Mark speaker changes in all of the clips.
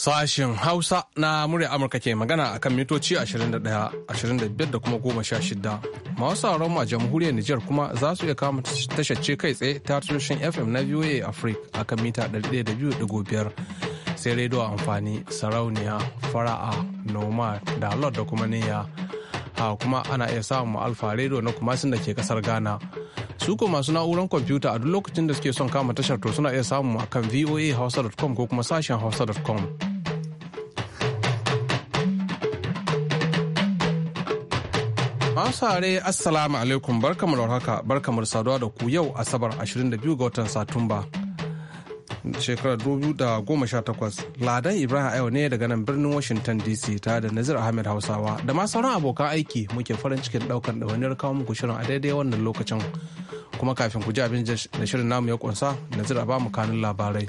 Speaker 1: Sashen Hausa na murya Amurka ke magana a kan mitoci 21, 25 da kuma 16. wasu sauran a jamhuriyar Nijar kuma za su iya kama tashar kai tsaye ta tushen FM na VOA Africa a kan mita 102.5. sai rediyo amfani sarauniya fara'a noma da lord da kuma niyya ha kuma ana iya samun alfa rediyo na kuma sun da ke kasar ghana su ko masu na'urar kwamfuta a duk lokacin da suke son kama tashar to suna iya samun akan voa voahausa.com ko kuma sashen hausa.com Masu Assalamu alaikum barkamu da haka barkamu saduwa da ku yau Asabar 22 ga watan Satumba. Shekarar 2018 Ladan Ibrahim Ayo ne daga nan birnin Washington DC tare da Nazir Ahmed Hausawa da ma sauran abokan aiki muke farin cikin daukan ɗawainiyar kawo muku shirin a daidai wannan lokacin. kuma kafin ku ji abin da shirin namu ya kunsa zira ba mu kanun labarai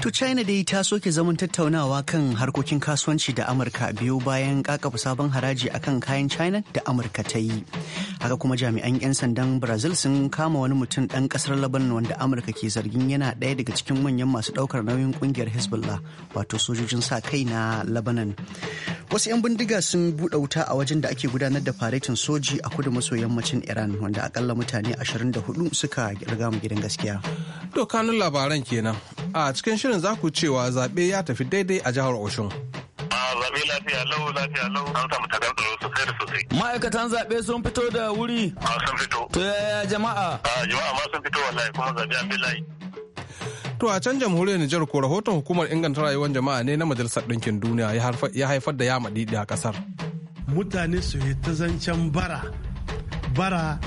Speaker 1: to china dai ta soke zaman tattaunawa kan
Speaker 2: harkokin kasuwanci da amurka biyu bayan kakaba sabon haraji akan kayan china da amurka ta yi haka kuma jami'an 'yan sandan brazil sun kama wani mutum ɗan ƙasar laban wanda amurka ke zargin yana ɗaya daga cikin manyan masu ɗaukar nauyin ƙungiyar hezbollah wato sojojin sa kai na labanan wasu 'yan bindiga sun buɗe wuta a wajen da ake gudanar da faretin soji a kudu maso yammacin iran wanda akalla mutane 24 suka riga mu gidan gaskiya
Speaker 1: to kanun labaran kenan a cikin shirin za ku cewa zaɓe ya tafi daidai a jihar
Speaker 3: oshun zaɓe lafiya lau lafiya lau an samu sosai da sosai. Ma'aikatan zaɓe sun fito da wuri? A sun fito. To yaya jama'a? jama'a ma sun fito wallahi kuma zaɓe an bi layi.
Speaker 1: To a can jamhuriyar Nijar ko rahoton hukumar inganta rayuwar jama'a ne na Majalisar Ɗinkin Duniya ya haifar da yama ɗiɗi a ƙasar.
Speaker 4: Mutane su yi ta zancen bara, bara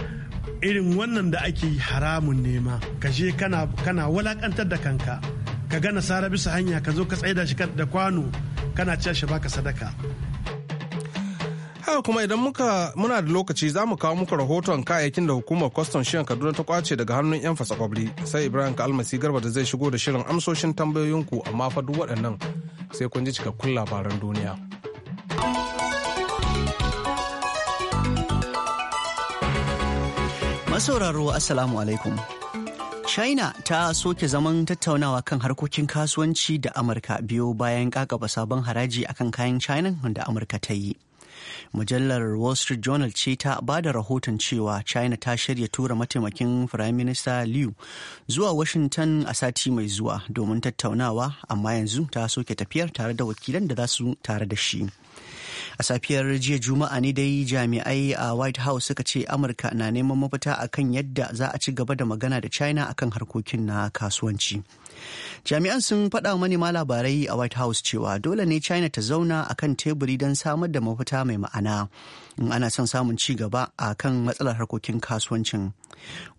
Speaker 4: irin wannan da ake haramun nema, ka je kana, kana da kanka, ka gana nasara bisa hanya ka zo ka tsaida shi da kwano kana cewa shi baka sadaka. haka kuma idan muka muna da
Speaker 1: lokaci za mu kawo muku rahoton kayayyakin da hukumar kwastam shiyan kaduna ta kwace daga hannun yan fasakwabli sai ibrahim kalmasi garba da zai shigo da shirin amsoshin tambayoyinku amma fa duk waɗannan sai kun ji cikakkun labaran duniya
Speaker 2: masauraro assalamu alaikum China ta soke zaman tattaunawa kan harkokin kasuwanci da Amurka biyo bayan kakaba sabon haraji akan kayan China da Amurka ta yi. mujallar wall street journal ce ta ba da rahoton cewa china ta shirya tura mataimakin prime minister liu zuwa washington a sati mai zuwa domin tattaunawa amma yanzu ta soke tafiyar tare da wakilan da za su tare da shi. a safiyar jiya juma'a ne dai jami'ai a white house suka ce amurka na neman mafita akan yadda za a ci gaba da magana da china akan harkokin na kasuwanci jami'an sun faɗa manema labarai a white house cewa dole ne china ta zauna akan teburi don samar da mafita mai ma'ana in ana son samun ci gaba a kan matsalar harkokin kasuwancin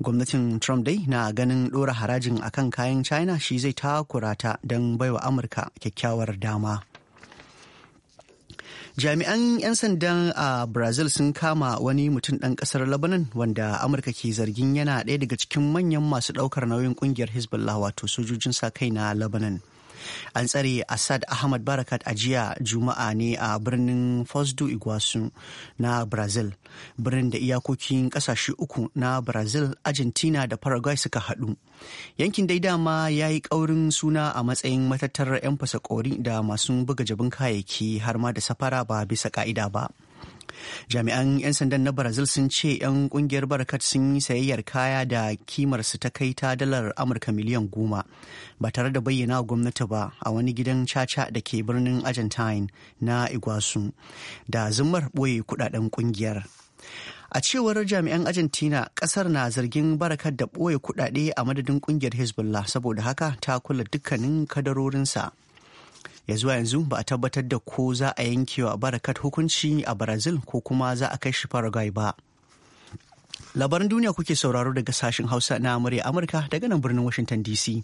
Speaker 2: gwamnatin trump dai na ganin ɗora harajin akan kayan china shi zai takura ta don baiwa amurka kyakkyawar dama jami'an 'yan sandan a brazil sun kama wani mutum ɗan ƙasar lebanon wanda amurka ke zargin yana ɗaya daga cikin manyan masu ɗaukar nauyin ƙungiyar hezbollah wato sojojin sa kai na lebanon an tsare asad ahmad barakat a jiya juma'a ne a birnin fosdo iguasu na brazil birnin da iyakokin kasashe uku na brazil argentina da paraguay suka haɗu yankin dai dama ya yi ƙaurin suna a matsayin matattarar 'yan fasakori da masu buga jabin kayayyaki har ma da safara ba bisa ka'ida ba. jami'an 'yan sandan na brazil sun ce 'yan kungiyar barakat sun yi sayayyar kaya da kimarsu ta kai ta dalar amurka miliyan goma ba tare da bayyana gwamnati ba a wani gidan caca da ke birnin argentine na iguasu da zumar ɓoye kudaden kungiyar a cewar jami'an argentina kasar na zargin barakar da ɓoye kudade a madadin kungiyar hezbollah saboda haka ta kula dukkanin kadarorinsa ya zuwa yanzu ba a tabbatar da ko za a yanke wa barakat hukunci a brazil ko kuma za a kai shi paraguay ba labaran duniya kuke sauraro daga sashen hausa na amurka daga nan birnin washington dc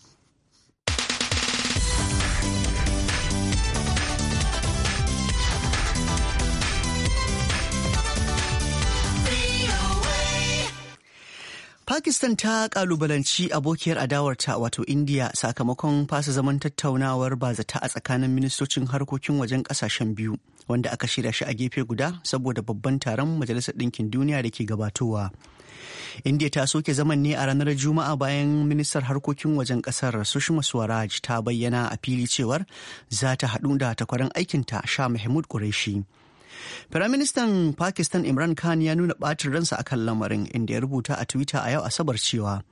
Speaker 2: Pakistan ta kalubalanci abokiyar adawarta wato India sakamakon fasa zaman tattaunawar ba zata a tsakanin ministocin harkokin wajen kasashen biyu wanda aka shirya shi a gefe guda saboda babban taron Majalisar Ɗinkin Duniya da ke gabatowa. India ta soke zaman ne a ranar Juma'a bayan ministar harkokin wajen kasar Sushma Swaraj ta bayyana a fili cewar za ta haɗu da takwarar aikinta sha Mahmud Qureshi. Firaministan Pakistan Imran Khan ya nuna ɓacin ransa akan lamarin inda ya rubuta a Twitter a yau Asabar cewa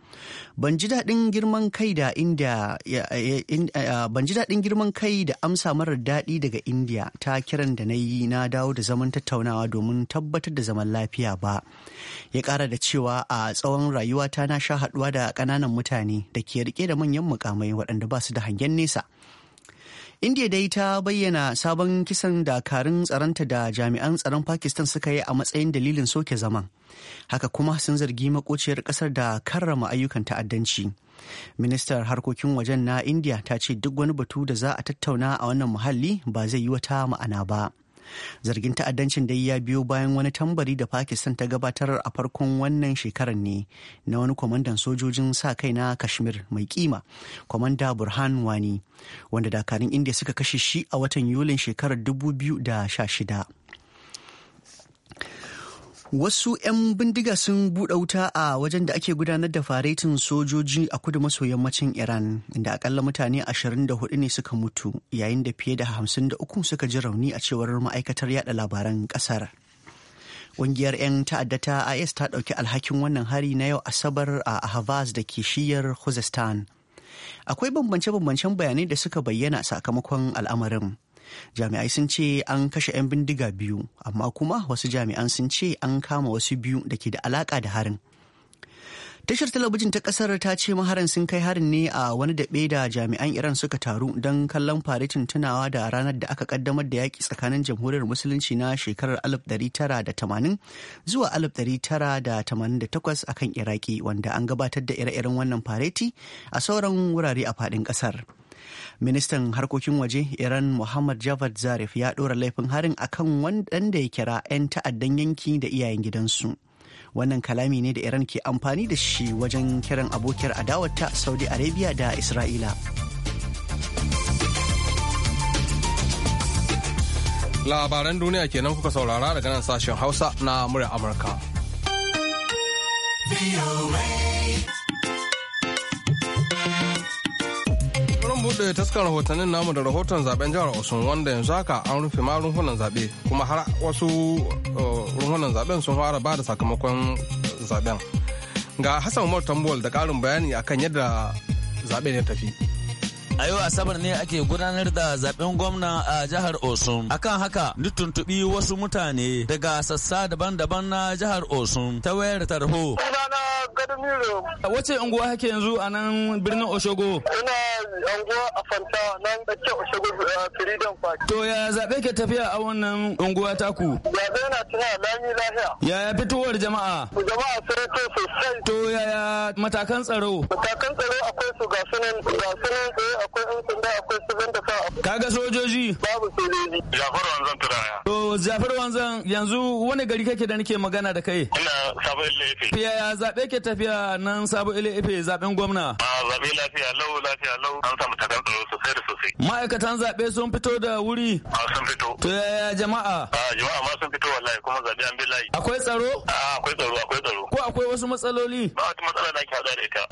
Speaker 2: ban ji daɗin girman kai da amsa marar daɗi daga India ta kiran da na yi na dawo da zaman tattaunawa domin tabbatar da zaman lafiya ba. Ya ƙara da cewa a tsawon rayuwata na sha haɗuwa da ƙananan mutane da ke rike da manyan mukamai waɗanda ba su da hangen nesa. India dai ta bayyana sabon kisan dakarun tsaronta da jami'an tsaron Pakistan suka yi a matsayin dalilin soke zaman. Haka kuma sun zargi makociyar kasar da karrama ayyukan ta'addanci. Ministar harkokin wajen na India ta ce duk wani batu da za a tattauna a wannan muhalli ba zai yi wata ma'ana ba. zargin ta'addancin dai ya biyo bayan wani tambari da pakistan ta gabatar a farkon wannan shekarar ne na wani kwamandan sojojin sa kai na kashmir mai kima kwamanda burhan wani wanda dakarun india suka kashe shi a watan yulin shekarar 2016 wasu 'yan bindiga sun buɗe wuta a wajen da ake gudanar da faretin sojoji a kudu maso yammacin iran inda akalla mutane 24 ne suka mutu yayin da fiye da 53 suka ji rauni a cewar ma'aikatar yada labaran kasar Ƙungiyar 'yan ta'adda ta is ta ɗauki alhakin wannan hari na yau asabar a havas da ke shiyar khuzestan akwai bambance-bambancen bayanai da suka bayyana sakamakon al'amarin jami'ai sun ce an kashe 'yan bindiga biyu amma kuma wasu jami'an sun ce an kama wasu biyu da ke da alaka da harin tashar talabijin ta kasar ta ce maharan sun kai harin ne a wani daɓe da jami'an iran suka taru don kallon faretin tunawa da ranar da aka kaddamar da yaƙi tsakanin jamhuriyar musulunci na shekarar 1980 zuwa 1988 a kan iraki wanda an gabatar da ire-iren wannan fareti a sauran wurare a faɗin ƙasar. ministan harkokin waje iran muhammad javad zarif ya ɗora laifin harin akan wanda ya kira 'yan ta'addan yanki da iyayen gidansu wannan kalami ne da iran ke amfani da shi wajen kiran abokiyar adawarta saudi arabia da isra'ila
Speaker 1: labaran duniya kenan kuka saurara daga nan sashen hausa na murya amurka buɗe taskar rahotannin namu da rahoton zaben jihar Osun wanda yanzu haka an rufe ma runhunan zaɓe kuma har wasu uh, runhunan zaɓen sun fara ba da sakamakon zaɓen Ga Hassan Umar tambol da ƙarin bayani akan yadda
Speaker 3: zaɓen ya tafi. A yau Asabar ne ake gudanar da zaben gwamna a jihar Osun. Akan haka, ni tuntuɓi wasu mutane daga sassa daban-daban na jihar Osun ta wayar tarho. Wace unguwa hake yanzu a nan birnin Oshogo? Ina unguwa a Fanta nan tsakiyar Oshogo Freedom Park. To ya zaɓe ke tafiya a wannan unguwa taku? Zaɓe na tuna lami lafiya. Yaya fitowar jama'a? Jama'a sun to sosai. To yaya matakan tsaro? Matakan tsaro akwai su ga sunan ga sunan tsaye akwai yan akwai da sa kaga sojoji babu sojoji Jafaru wanzan turaya to Jafaru wanzan yanzu wani gari kake da nake magana da kai ina sabo ilefe ya zabe ke tafiya nan sabo ilefe zaben gwamna a zabe lafiya lau lafiya lau an samu takardar sosai da sosai ma'aikatan zabe sun fito da wuri a sun fito to yaya jama'a a jama'a ma sun fito wallahi kuma zabe an bi layi akwai tsaro a akwai tsaro akwai tsaro ko akwai wasu matsaloli? Ba wata matsala da ake hada da ita.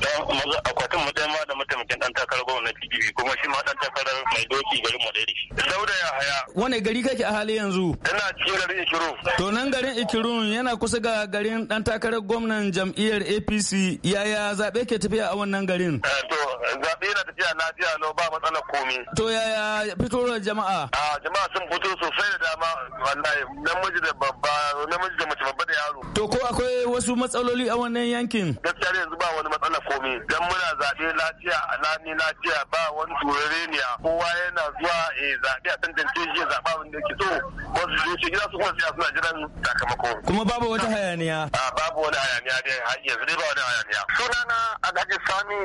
Speaker 3: Akwatin mutum ma
Speaker 5: da mataimakin ɗan takarar gwamnati PDP kuma shi ma ɗan takarar mai doki garin Madari.
Speaker 3: Dauda ya haya. Wane gari kake a hali yanzu? Ina cikin garin Ikiru. To nan garin Ikirun yana kusa ga garin ɗan takarar gwamnan jam'iyyar APC yaya zaɓe ke tafiya a wannan garin? Eh, to zaɓe yana tafiya lafiya n'o ba matsalar komi. To yaya fitowar jama'a? A jama'a sun fito sosai da dama wallahi namiji da babba namiji da mace babba da yaro. To ko akwai wasu matsaloli matsaloli a wannan yankin? Gaskiya yanzu ba wani matsala komai don muna zaɓe lafiya
Speaker 5: a alami lafiya ba wani turereniya kowa yana zuwa eh, zaɓe a tantance shi zaɓa wanda da ke so wasu
Speaker 3: su shi gida su kuma siya suna jiran sakamako. Kuma babu wata hayaniya?
Speaker 5: Babu wani hayaniya dai yanzu dai ba wani hayaniya. Sunana Alhaji Sani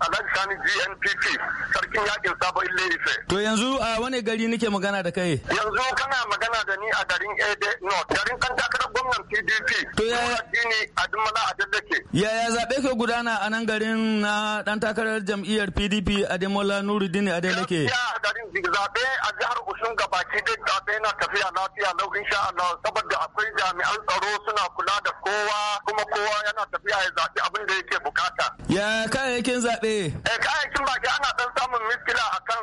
Speaker 5: Alhaji
Speaker 3: Sani GNPP sarkin yakin sabon Ile Ife. To yanzu a wani gari nake magana da kai? Yanzu kana magana da ni a garin Ede North garin kan takarar gwamnan PDP. To ya. duk mana a ke. Yaya zaɓe ke gudana a nan garin na ɗan takarar jam'iyyar PDP Ademola Nuruddin Adeleke? Ya garin zaɓe
Speaker 1: a jihar ga gabaki duk zaɓe na tafiya lafiya lau insha Allah saboda akwai jami'an tsaro suna
Speaker 3: kula da kowa kuma kowa yana tafiya ya zaɓi abin da yake bukata. Ya kayayyakin zaɓe? Eh kayayyakin baki ana ɗan samun miskila akan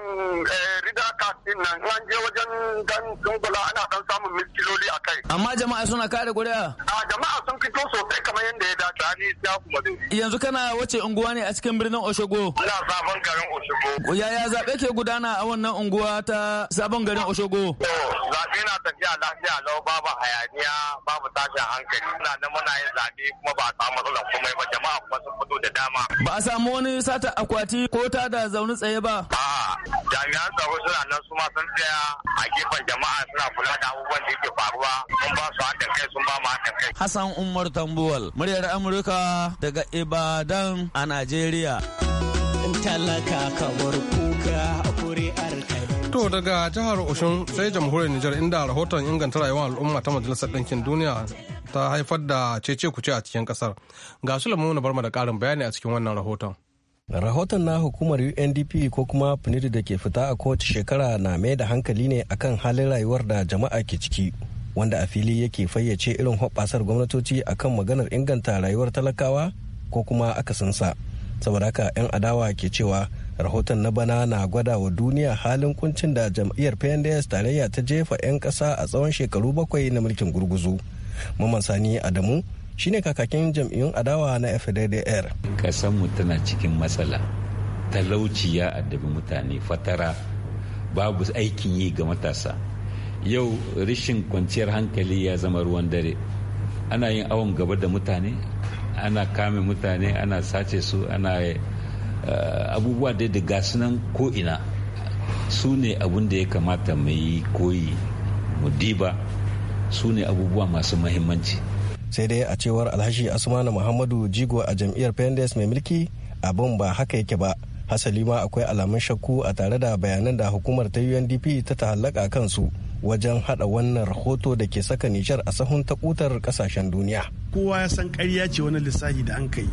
Speaker 3: eh, rida kasin nan an je wajen dan tungula ana ɗan samun miskiloli a kai. Amma jama'a suna kare ƙuri'a? A jama'a sun fito sosai kamar da ya dace ni ya kuma zai. Yanzu kana wace unguwa ne a cikin birnin Oshogo? Ina sabon garin Oshogo. Yaya zaɓe ke gudana a wannan unguwa ta sabon garin Oshogo? Zaɓe na tafiya lafiya lau babu hayaniya babu tashin hankali. Ina nan muna yin zaɓe kuma ba a samu matsala komai ba jama'a kuma sun fito da dama. Ba a samu wani sata akwati ko ta da zaune tsaye ba. A'a jami'an tsaro suna nan su ma sun tsaya a gefen jama'a suna kula da abubuwan da yake faruwa sun ba su haɗin kai sun ba mu haɗin kai. Hassan Umar Tambuwal muryar Amurka daga Ibadan a Najeriya.
Speaker 6: Talaka
Speaker 1: To daga jihar Oshun sai jamhuriyar Nijar inda rahoton inganta rayuwar al'umma ta Majalisar Ɗinkin Duniya ta haifar da cece kuce a cikin kasar. Ga su lamuna barma da ƙarin bayani a cikin wannan rahoton.
Speaker 6: rahoton na hukumar undp ko kuma pnid da ke fita a kowace shekara na mai da hankali ne akan halin rayuwar da jama'a ke ciki wanda a fili yake fayyace irin hoɓɓasar gwamnatoci akan maganar inganta rayuwar talakawa ko kuma akasinsa saboda haka 'yan adawa ke cewa rahoton na bana na gwada wa duniya halin kuncin da jam'iyyar pnds tarayya ta jefa 'yan ƙasa a tsawon shekaru bakwai na mulkin gurguzu maman sani adamu shine kakakin jam'iyyun adawa na fddr kasanmu tana cikin matsala
Speaker 7: talauci ya addabi mutane fatara babu aikin yi ga matasa yau rashin kwanciyar hankali ya zama ruwan dare ana yin awon gaba da mutane ana kame mutane ana sace su ana eh, abubuwa da da gasu nan ko'ina su ne abin da ya kamata mai koyi mu diba su ne abubuwa masu mahimmanci
Speaker 6: sai dai a cewar alhashi asmanu muhammadu jigo a jam'iyyar pendes mai mulki abin ba haka yake ba hasali ma akwai alamun shakku a tare da bayanan da hukumar ta undp ta hallaka kansu wajen hada wannan rahoto da ke saka Nijar a sahun takutar kasashen duniya.
Speaker 4: Kowa ya san karya ce wani lissafi da an kai.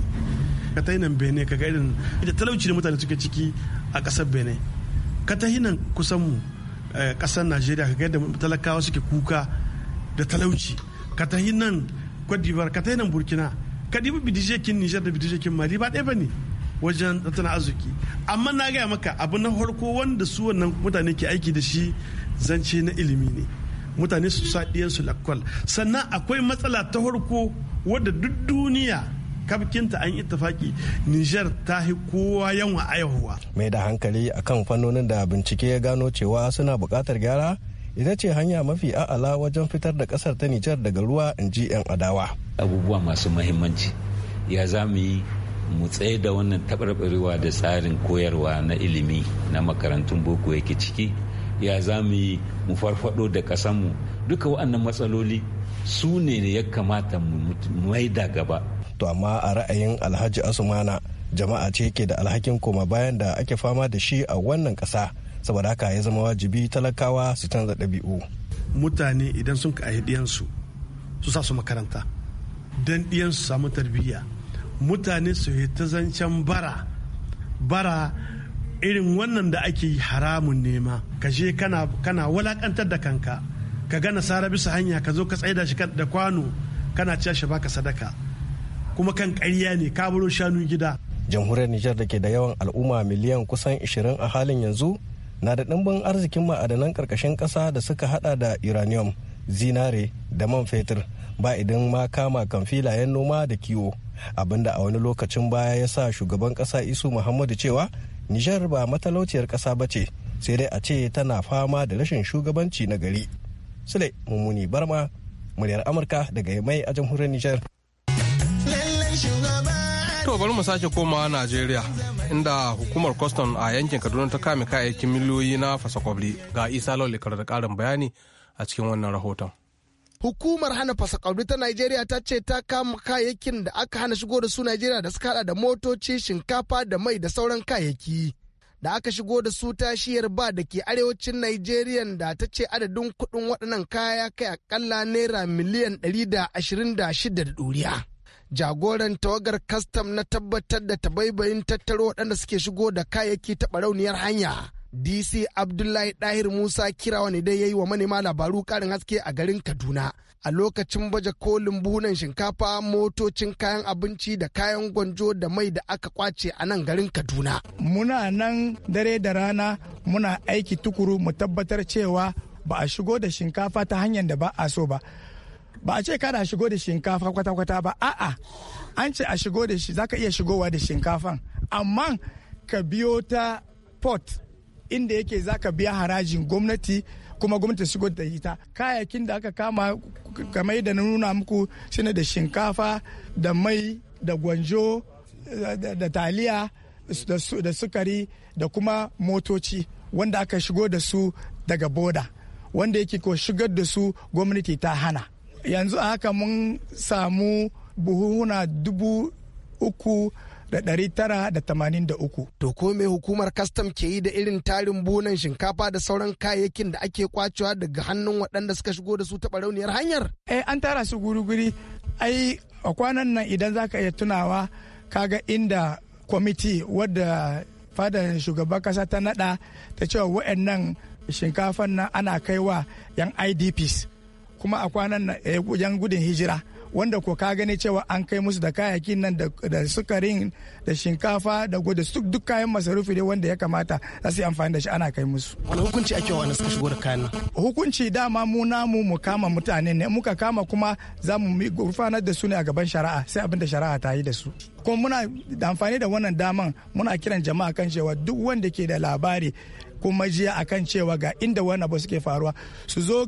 Speaker 4: Ka ta nan Benin ka irin da talauci da mutane suke ciki a kasar Benin. Ka ta nan kusan mu eh, Najeriya ka da talakawa suke kuka da talauci. Ka ta nan Cote ka ta nan Burkina. Ka ɗibi bidijekin Nijar da bidijekin Mali ba ɗaya ba ne. wajen tattalin arziki amma na gaya maka abu na farko wanda su wannan mutane ke aiki da shi zance na ilimi ne mutane su sa ɗiyansu lakwal sannan akwai matsala ta farko wadda duk duniya kafkinta an tafaki Nijar ta yi kowa a
Speaker 6: yahuwa Mai da hankali akan fannonin da bincike ya gano cewa suna buƙatar gyara ita ce hanya mafi a'ala wajen fitar da ƙasar ta Nijar daga ruwa in ji 'yan adawa.
Speaker 7: Abubuwa masu mahimmanci ya za mu yi mu tsaye da wannan taɓarɓarewa da tsarin koyarwa na ilimi na makarantun boko yake ciki ya za mu yi mu
Speaker 6: farfado da kasanmu duka waɗannan matsaloli su ne ya kamata mu maida gaba to amma a ra'ayin alhaji asumana jama'a ce ke da alhakin koma bayan da ake fama da shi a wannan ƙasa saboda haka ya zama wajibi talakawa su canza ɗabi'u mutane idan sun ka ɗiyansu su sa su makaranta
Speaker 4: don ɗiyansu samu tarbiyya mutane su yi ta zancen bara bara irin wannan da ake haramun nema ka je kana kana walakantar da kanka ka gana sara bisa hanya ka zo ka tsaida shi da kwano kana cewa shi baka sadaka
Speaker 6: kuma kan ƙarya ne ka baro shanu gida jamhuriyar Nijar da ke da yawan al'umma miliyan kusan 20 a halin yanzu na da ɗimbin arzikin ma'adanan karkashin ƙasa da suka hada da uranium zinare da man fetur ba idan ma kama kan filayen noma da kiwo abinda a wani lokacin baya ya sa shugaban ƙasa isu muhammadu cewa nijar ba matalauciyar ƙasa ba ce sai dai a ce tana fama da rashin shugabanci na gari sule mummuni barma muryar amurka daga mai a jamhuriyar nijar to bari mu sake komawa najeriya inda
Speaker 1: hukumar kwastam a yankin kaduna ta kame kayayyakin miliyoyi na fasakwabli ga isa laulikar da karin bayani a cikin wannan rahoton
Speaker 8: Hukumar hana fasakauri ta Najeriya ta ce ta kama kayayyakin da aka hana shigo da su Najeriya da suka hada da motoci, shinkafa da mai da sauran kayayyaki. Da aka shigo da su tashiyar ba da ke arewacin Najeriya da ta ce adadin kuɗin waɗannan kaya kai akalla naira miliyan 126 da ɗuriya. jagoran tawagar kastam na tabbatar da tabaibayin tattaro waɗanda suke shigo da kayayyaki ta barauniyar hanya dc abdullahi dahir musa kirawa ne dai ya yi wa manema labaru karin haske a garin kaduna a lokacin baje kolin buhunan shinkafa
Speaker 9: motocin kayan abinci da kayan gwanjo da mai da aka kwace a nan garin kaduna muna nan dare da rana muna aiki tukuru mu tabbatar cewa ba a shigo da shinkafa ta hanyar da ba a so ba ba a ce kada a shigo da shinkafa kwata-kwata ba a'a an ce a shigo da shi zaka iya shigowa da shinkafan amma ka biyo ta port inda yake zaka biya harajin gwamnati kuma gwamnati shigo da ita kayakin da aka kama kamar da na nuna muku shine da shinkafa da mai da gwanjo da taliya da sukari da kuma motoci wanda aka shigo da su daga boda wanda yake ko shigar da su gwamnati ta hana yanzu a haka mun samu buhuhuna dubu uku da ɗari tara da tamanin da uku. To ko me hukumar kastam ke yi da irin tarin bunan shinkafa da sauran kayayyakin da ake kwacewa daga hannun waɗanda suka shigo da su taɓa rauniyar hanyar? Eh an tara su guri-guri ai a kwanan nan idan za ka iya tunawa kaga inda kwamiti wadda fadar shugaban kasa ta naɗa ta cewa wa'annan shinkafan nan ana kaiwa yan idps kuma a kwanan nan yan eh, gudun hijira wanda ko ka gani cewa an kai musu da kayakin nan da sukarin da shinkafa da gwada duk duk kayan masarufi ne wanda ya kamata za su yi amfani da shi ana kai musu. Wani hukunci ake wani suka shigo da kayan Hukunci dama mu namu mu kama mutane ne muka kama kuma za mu gurfanar da su ne a gaban shari'a sai abin da shari'a ta yi da su. Kuma muna amfani da wannan daman muna kiran jama'a kan cewa duk wanda ke da labari kuma jiya akan cewa ga inda wani abu suke faruwa su zo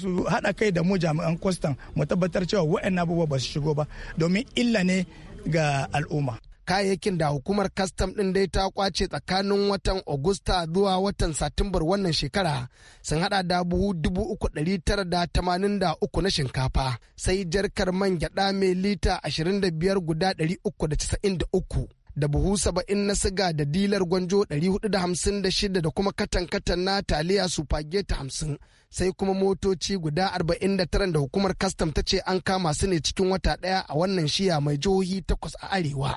Speaker 9: su haɗa kai da mu jami'an kwastan mu tabbatar cewa wa'annan abubuwa ba su shigo ba domin illa ne ga al'umma kayayyakin da hukumar kastam ɗin dai ta kwace
Speaker 8: tsakanin watan Agusta zuwa watan Satumbar wannan shekara sun hada da buhu dubu uku dari tara da tamanin da uku na shinkafa sai jarkar man gyada mai lita ashirin da biyar guda dari uku da casa'in da uku da buhu saba'in na siga da dilar gwanjo 456 da kuma katan-katan na taliya supageta hamsin sai kuma motoci guda 49 da hukumar kastam ta ce an kama su ne cikin wata ɗaya a wannan shiya mai jihohi takwas a arewa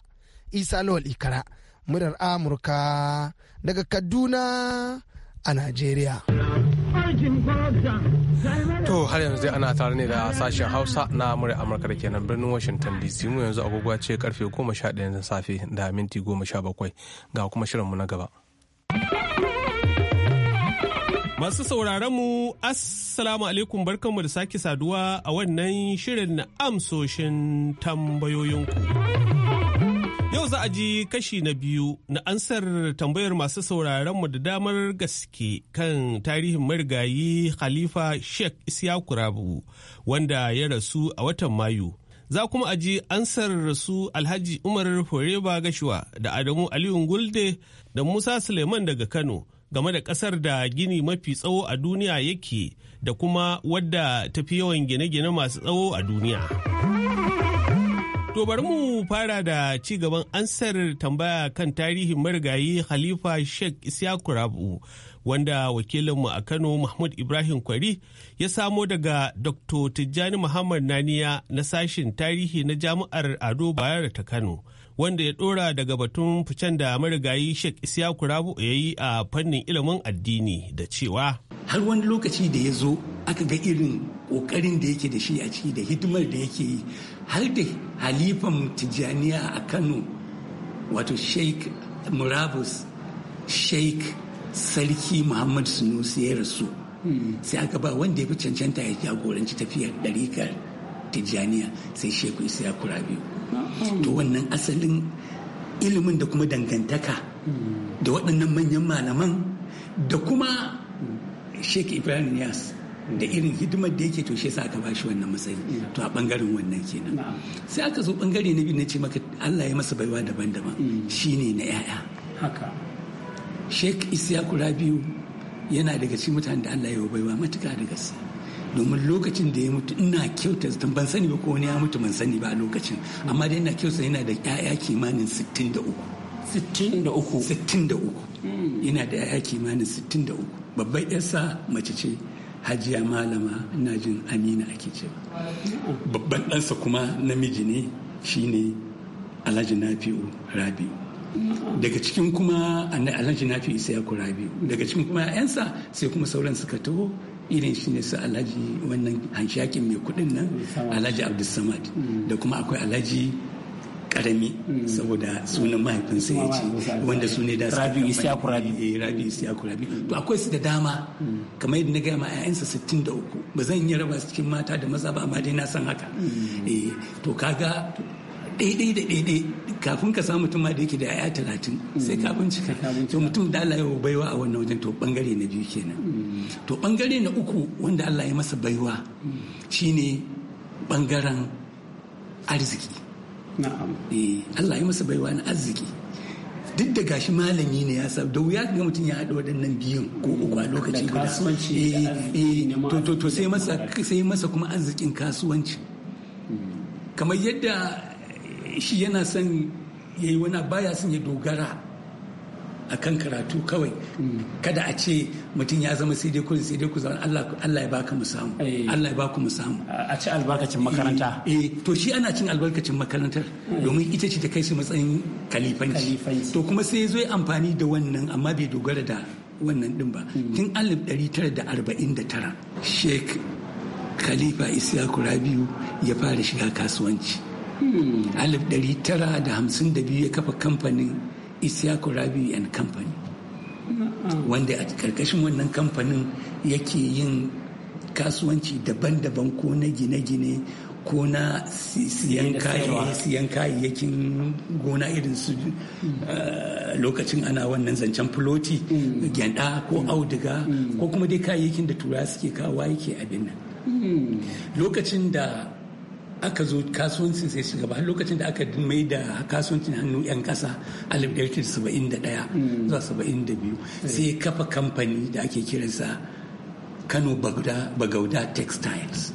Speaker 8: isa lawal ikara murar amurka daga kaduna a Najeriya. To
Speaker 1: har yanzu ana tare ne da sashen Hausa na murya Amurka da kenan birnin Washington DC mu yanzu agogowa ce karfe 11 na safe da minti 17 ga kuma shirinmu na gaba.
Speaker 5: Masu sauraron mu Assalamu alaikum barkanmu da sake saduwa a wannan shirin amsoshin tambayoyinku. za a ji kashi na biyu na ansar tambayar masu mu da damar gaske kan tarihin marigayi Khalifa Sheikh Isyaku Rabu wanda ya rasu a watan Mayu. Za kuma a ji ansar rasu Alhaji Umar Foreba Gashuwa da Adamu Aliyu Gulde da Musa Suleiman daga Kano game da ƙasar da gini mafi tsawo a duniya yake da kuma wadda tafi yawan gine-gine masu tsawo a duniya. To bari mu fara da ci gaban ansar tambaya kan tarihin marigayi Khalifa Sheikh Isyaku Rabu wanda wakilinmu a Kano Mahmud Ibrahim Kwari ya samo daga Dr. Tijjani Muhammad Naniya na sashin tarihi na Jami'ar Ado Bayero ta Kano wanda ya dora daga batun ficen da marigayi Sheikh Isyaku Rabu ya yi a fannin ilimin addini da cewa har wani lokaci da ya zo
Speaker 7: aka ga irin kokarin da yake da shi a ciki da hidimar da yake yi har da halifan Tijaniya a kano wato sheik murabus sheik sarki muhammad sunusi ya rasu hmm. sai aka ba wanda ya fi cancanta ya jagoranci tafiyar ɗarikar Tijaniya sai sheku isa kura biyu. to wannan asalin ilimin da kuma dangantaka hmm. da waɗannan manyan malaman da kuma sheik ibrahim yas da irin hidimar da yake to shi yasa aka bashi wannan matsayi to a bangaren wannan kenan sai aka zo bangare na biyu na ce maka Allah ya masa baiwa daban-daban mm. shine na yaya haka Sheikh Isiyaku Rabiu yana daga cikin mutanen da Allah ya baiwa matuka da gaske domin lokacin da ya mutu ina kyauta zaton ban sani ba ko wani ya mutu ban sani ba a lokacin amma dai ina kyauta yana da 'ya'ya kimanin 63 63 63 yana da 'ya'ya mm. kimanin 63 babbar yarsa mace ce hajiya malama ina jin amina ake cewa babban ɗansa kuma namiji ne shine alhaji nafi'u rabi daga cikin kuma alhaji nafi'u sai ya rabi daga cikin kuma 'ya'yansa sai kuma sauran suka taho irin shi ne su alhaji wannan hanshakin mai kudin nan alhaji abdulsamad da kuma akwai alhaji karami mm. saboda sunan mahaifinsa ya ce wanda su ne da su eh, rabi isiyaku rabi rabi isiyaku rabi to akwai su da dama mm. kamar yadda na gaya ma 'ya'yansa 63 ba zan yi raba cikin mata da maza ba amma dai na san haka mm. eh, to kaga daidai da daidai kafin ka samu mutum da yake da yaya talatin sai ka bincika to mutum da Allah ya baiwa a wannan wajen to bangare na biyu kenan to bangare na uku wanda Allah ya masa baiwa shine bangaren arziki na'am eh Allah ya masa baiwa na arziki duk da gashi malami ne ya sa da wuya ga mutum ya haɗa waɗannan biyun ko uku a lokaci guda da eh, kasuwanci eh, ne to to to sai masa sai masa kuma arzikin kasuwanci mm. kamar yadda shi yana son yayi wani baya son ya dogara akan karatu kawai kada a ce mutum ya zama sai dai kun sai dai ku zama Allah ya baka mu samu eh. Allah ya baku mu samu a ci albarkacin makaranta eh, eh to shi ana cin albarkacin makarantar eh. domin ita ce ta kai su matsayin kalifanci to kuma sai zo amfani da wannan amma bai dogara da wannan din ba hmm. tun 1949 sheik khalifa isyaku rabiu ya fara shiga kasuwanci 1952 hmm. ya kafa kamfanin Isyaku Rabi and Company wanda a karkashin wannan kamfanin yake yin kasuwanci daban-daban ko na gine-gine ko na siyan kayayyakin gona irin su eh, lokacin ana wannan zancen filoti mm. gyanda ko mm. auduga mm. ko kuma dai kayayyakin da turawa suke kawo yake abin nan lokacin da aka zo kasuwancin sai shiga ba lokacin da aka mai da kasuwancin hannu 'yan kasa a 1971 zuwa 72 sai kafa kamfani da ake kiransa kano bagauda textiles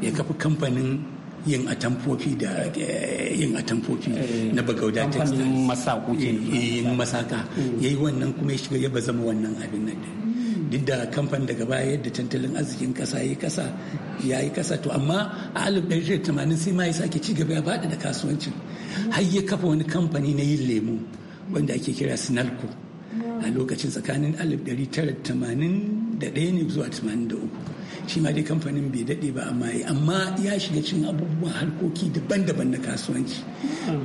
Speaker 7: ya kafa kamfanin yin atamfofi da eh, yin atamfofi eh, na bagauda textiles masaku eh, yin masaka mm. yayi wannan kuma ya shiga ya ba zama wannan abin nan duk da kamfan daga baya yadda tantalin arzikin kasa ya kasa ya yi kasa to amma a alif ɗari tamanin sai ma ya sake ci gaba ya bada da kasuwancin har ya kafa wani kamfani na yin lemu wanda ake kira sinalco a lokacin tsakanin alif ɗari tara tamanin da ɗaya ne zuwa tamanin da uku shi ma dai kamfanin bai daɗe ba amma amma ya shiga cin abubuwan harkoki daban-daban na kasuwanci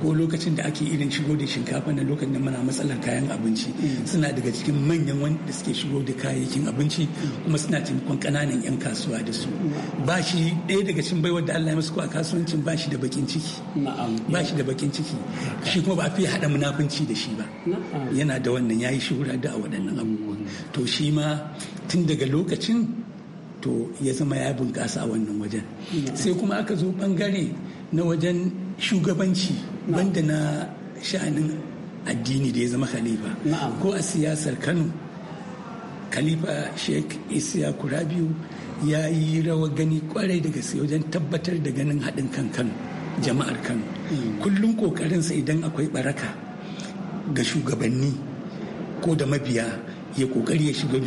Speaker 7: ko lokacin da ake irin shigo da shinkafa na lokacin da muna matsalar kayan abinci suna daga cikin manyan wanda suke shigo da kayayyakin abinci kuma suna taimakon ƙananan 'yan kasuwa da su ba shi ɗaya daga cikin baiwar da Allah ya masu a kasuwancin ba shi da bakin ciki ba shi da bakin ciki shi kuma ba a fiye haɗa munafunci da shi ba yana da wannan ya yi shura da a waɗannan abubuwan to shi ma tun daga lokacin to ya zama ya bunkasa a wannan wajen sai kuma aka zo ɓangare na wajen shugabanci banda na sha'anin addini da ya zama khalifa ko a siyasar kano khalifa sheikh isya kurabiyu ya yi rawa gani kwarai daga gaske wajen tabbatar da ganin haɗin kan kano jama'ar kano hmm. kullum ƙoƙarinsa idan akwai baraka ga shugabanni ko da mabiya ya kokari ya shiga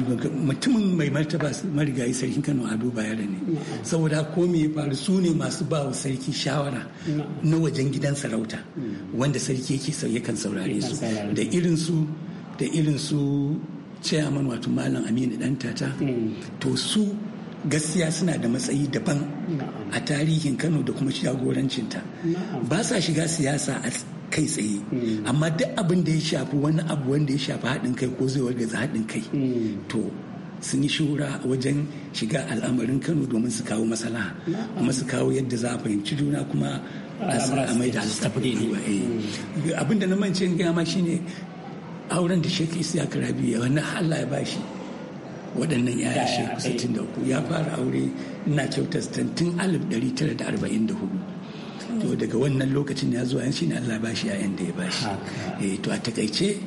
Speaker 7: mutumin mai martaba marigayi sarkin kano ado bayar ne saboda ko me ya faru su ne masu ba wa sarki shawara na wajen gidan sarauta mm. wanda sarki yake yakan saurare su da irin su da irin su chairman wato malam aminu dan tata mm. to su gaskiya suna da matsayi daban a tarihin kano da kuma shagorancinta ba sa shiga siyasa kai tsaye mm. amma duk abin da ya shafi wani abu wanda ya shafi haɗin kai ko zai wargaza haɗin kai mm. to sun yi shura wajen shiga al'amarin kano domin su kawo masala kuma su kawo yadda za a fahimci juna kuma a mai da ne eh. mm. abin da na mance in gama shine auren da su ya kira biyu wani allah ya bashi waɗannan yaya shekai 63 ya fara aure na kyautar tun 1944 to daga wannan lokacin ya zuwa shi ne Allah ba shi yayin da ya ba shi eh to a takaice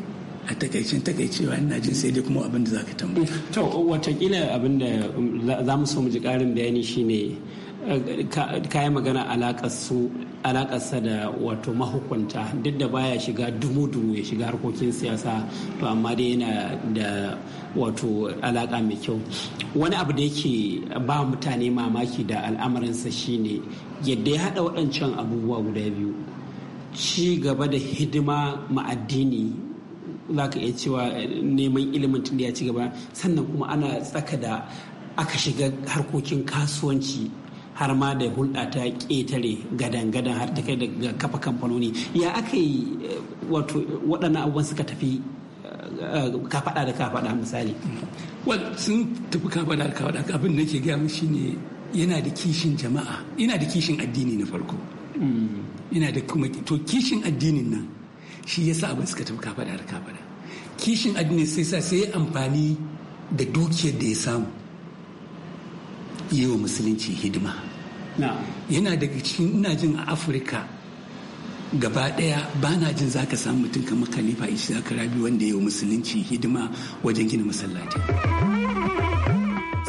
Speaker 7: a takaicen takaicewa ina jin sai dai kuma abin da zaka tambaya eh, to watakila abin da za mu so mu ji karin bayani shine yi magana su alakarsa da wato mahukunta duk da baya shiga dumu-dumu ya shiga harkokin siyasa to amma dai yana da wato alaka mai kyau wani abu da yake ba mutane mamaki da al'amarinsa shine yadda ya haɗa waɗancan abubuwa guda biyu ci gaba da hidima ma'addini za ka iya cewa eh, neman ilimin tun da ya ci gaba sannan kuma ana tsaka da aka shiga harkokin kasuwanci har ma da hulɗa ta ƙetare gadan-gadan har ta kai da kafa kamfanoni ya aka yi eh, wato waɗannan abubuwan suka tafi eh, kafaɗa da kafaɗa misali sun tafi kafaɗa da kafaɗa kafin da ke gaya shi ne yana da kishin jama'a ina da kishin addini na farko mm. ina da kuma to kishin addinin nan shi yasa abin suka tafi kafada da kafada kishin addini sai sa sai amfani da dukiyar da ya samu yi musulunci hidima yana daga cikin ina jin a afirka gaba daya ba na jin zaka samu mutum kamar khalifa isa karabi wanda ya yi wa musulunci hidima wajen gina masallaci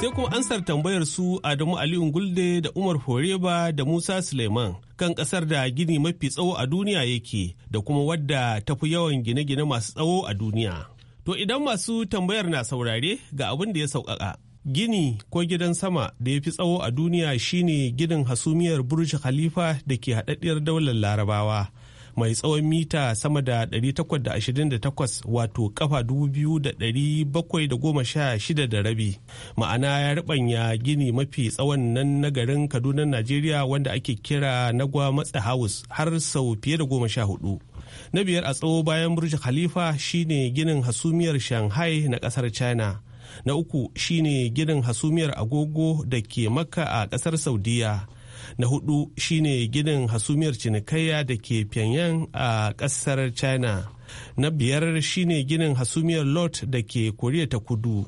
Speaker 7: sai kuma ansar tambayar su
Speaker 5: Adamu Aliyu Gulde da Umar Horeba da Musa Suleiman kan kasar da gini mafi tsawo a duniya yake da kuma wadda ta fi yawan gine-gine masu tsawo a duniya. To idan masu tambayar na saurare ga abin da ya sauƙaƙa. Gini ko gidan sama da ya fi tsawo a duniya shine ginin hasumiyar Burj Khalifa da ke haɗaɗɗiyar daular Larabawa mai tsawon mita sama da 828 wato kafa 2,716 da rabi ma'ana ya rubanya gini mafi tsawon nan na garin kaduna najeriya wanda ake kira nagwa matsa house har sau fiye da goma sha hudu na biyar a tsawo bayan burj khalifa shine ginin hasumiyar shanghai na kasar china na uku shine ginin hasumiyar agogo da ke makka a kasar saudiya na hudu shine ginin hasumiyar cinikayya da ke pyongyang a kasar china na biyar shine ginin hasumiyar lot da ke koriya ta kudu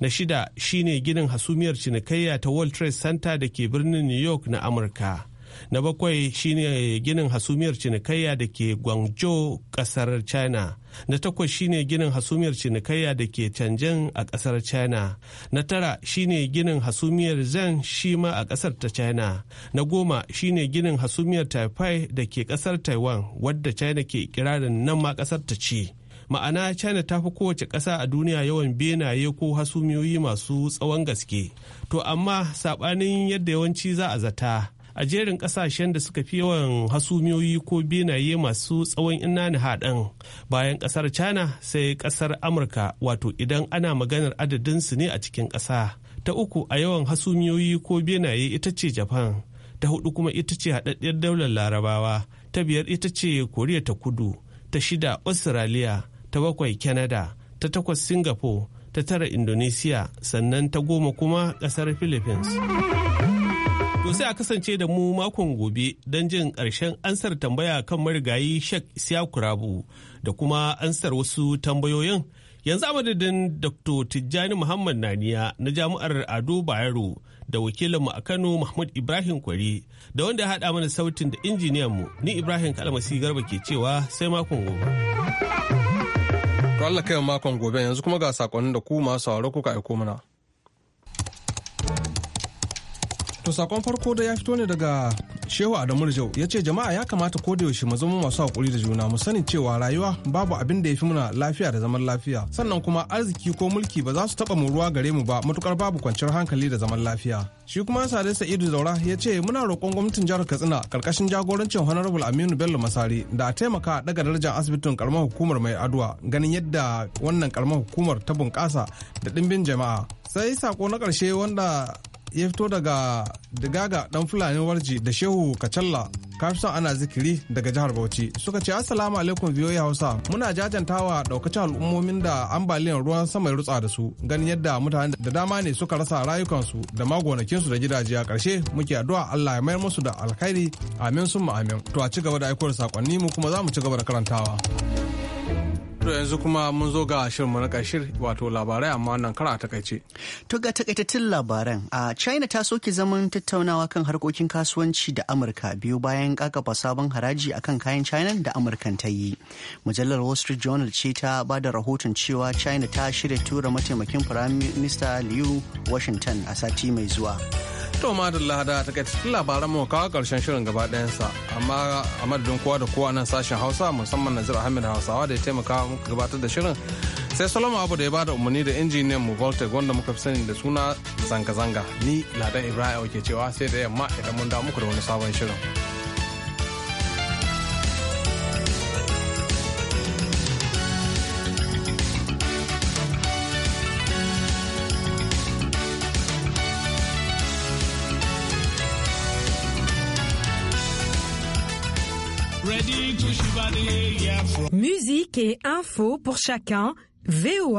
Speaker 5: na shida shine ginin hasumiyar cinikayya ta world trade center da ke birnin new york na amurka na bakwai shine ginin hasumiyar cinikayya da ke guangzhou kasar china na takwas shine ginin hasumiyar cinikayya da ke canjin a kasar china na tara shine ginin hasumiyar zan shi ma a kasar ta china na goma shine ginin hasumiyar taifai da ke kasar taiwan wadda china ke kirarin nan ma kasar ta ci ma'ana china ta fi kowace ƙasa a duniya yawan benaye ko hasumiyoyi masu tsawon gaske to amma saɓanin yadda yawanci za a zata a jerin kasashen da suka fi yawan hasumiyoyi ko benaye masu tsawon ina inani haɗin bayan ƙasar china sai ƙasar amurka wato idan ana maganar adadinsu ne a cikin ƙasa ta uku a yawan hasumiyoyi ko benaye ita ce japan ta hudu kuma ita ce haɗaɗɗiyar daular larabawa ta biyar ita ce koriya ta kudu ta shida australia ta bakwai canada ta takwas singapore ta tara indonesia sannan ta goma kuma ƙasar philippines To sai a kasance da mu makon gobe don jin ƙarshen ansar tambaya kan marigayi Sheikh Siyakurabu da kuma ansar wasu tambayoyin. Yanzu a madadin Dr. Tijjani Muhammad Naniya na Jami'ar Ado Bayero da wakilinmu a Kano Mahmud Ibrahim Kwari da wanda ya haɗa mana sautin da injiniyanmu ni Ibrahim Kalmasi Garba ke cewa sai makon gobe. To Allah makon gobe
Speaker 1: yanzu kuma ga sakonnin da ku masu sauraro kuka aiko mana. To sakon farko da ya fito ne daga Shehu Adamu Rijau ya ce jama'a ya kamata ko da yaushe mu zama masu hakuri da juna mu sani cewa rayuwa babu abin da ya fi muna lafiya da zaman lafiya sannan kuma arziki ko mulki ba za su taba mu ruwa gare mu ba matukar babu kwanciyar hankali da zaman lafiya. Shi kuma Sade Sa'idu Zaura ya ce muna roƙon gwamnatin jihar Katsina karkashin jagorancin Honorable Aminu Bello Masari da a taimaka daga darajar asibitin karamar hukumar mai aduwa ganin yadda wannan karamar hukumar ta bunƙasa da ɗimbin jama'a. Sai sako na ƙarshe wanda ya fito daga digaga dan fulani warji da shehu kacalla kafison ana zikiri daga jihar bauchi suka ce assalamu alaikum biyoyi hausa muna jajantawa daukacin al'ummomin da ambaliyar ruwan sama ya rutsa da su ganin yadda mutane da dama ne suka rasa rayukansu da magonakinsu da gidaje a karshe muke addu'a allah ya mayar musu da alkhairi amin sun amin to a ci gaba da aiko saƙonni sakonni mu kuma za mu ci gaba da karantawa. To yanzu kuma mun zo ga shirinmu na ƙarshe wato labarai amma wannan kara takaice. To ga takaitattun labaran a China ta soke
Speaker 2: zaman tattaunawa kan harkokin kasuwanci da Amurka biyu bayan kakafa sabon haraji akan kayan China da amurkantayi ta yi. Mujallar Wall Street Journal ce ta ba da rahoton cewa China ta shirya tura mataimakin minister Liu Washington a sati mai zuwa.
Speaker 1: To madalla da takaitattun labaran mu kawo karshen shirin gaba ɗayansa amma a madadin kowa da kowa nan sashen Hausa musamman Nazir Ahmed Hausawa da ya taimaka muka gabatar da shirin sai solomon abu da ya bada umarni da injiniyan mu voltec wanda muka fi sani da suna zanga-zanga ni ladan ibrahim ke cewa sai da yamma idan mun da muku da wani sabon shirin.
Speaker 3: musique et info pour chacun. VOA.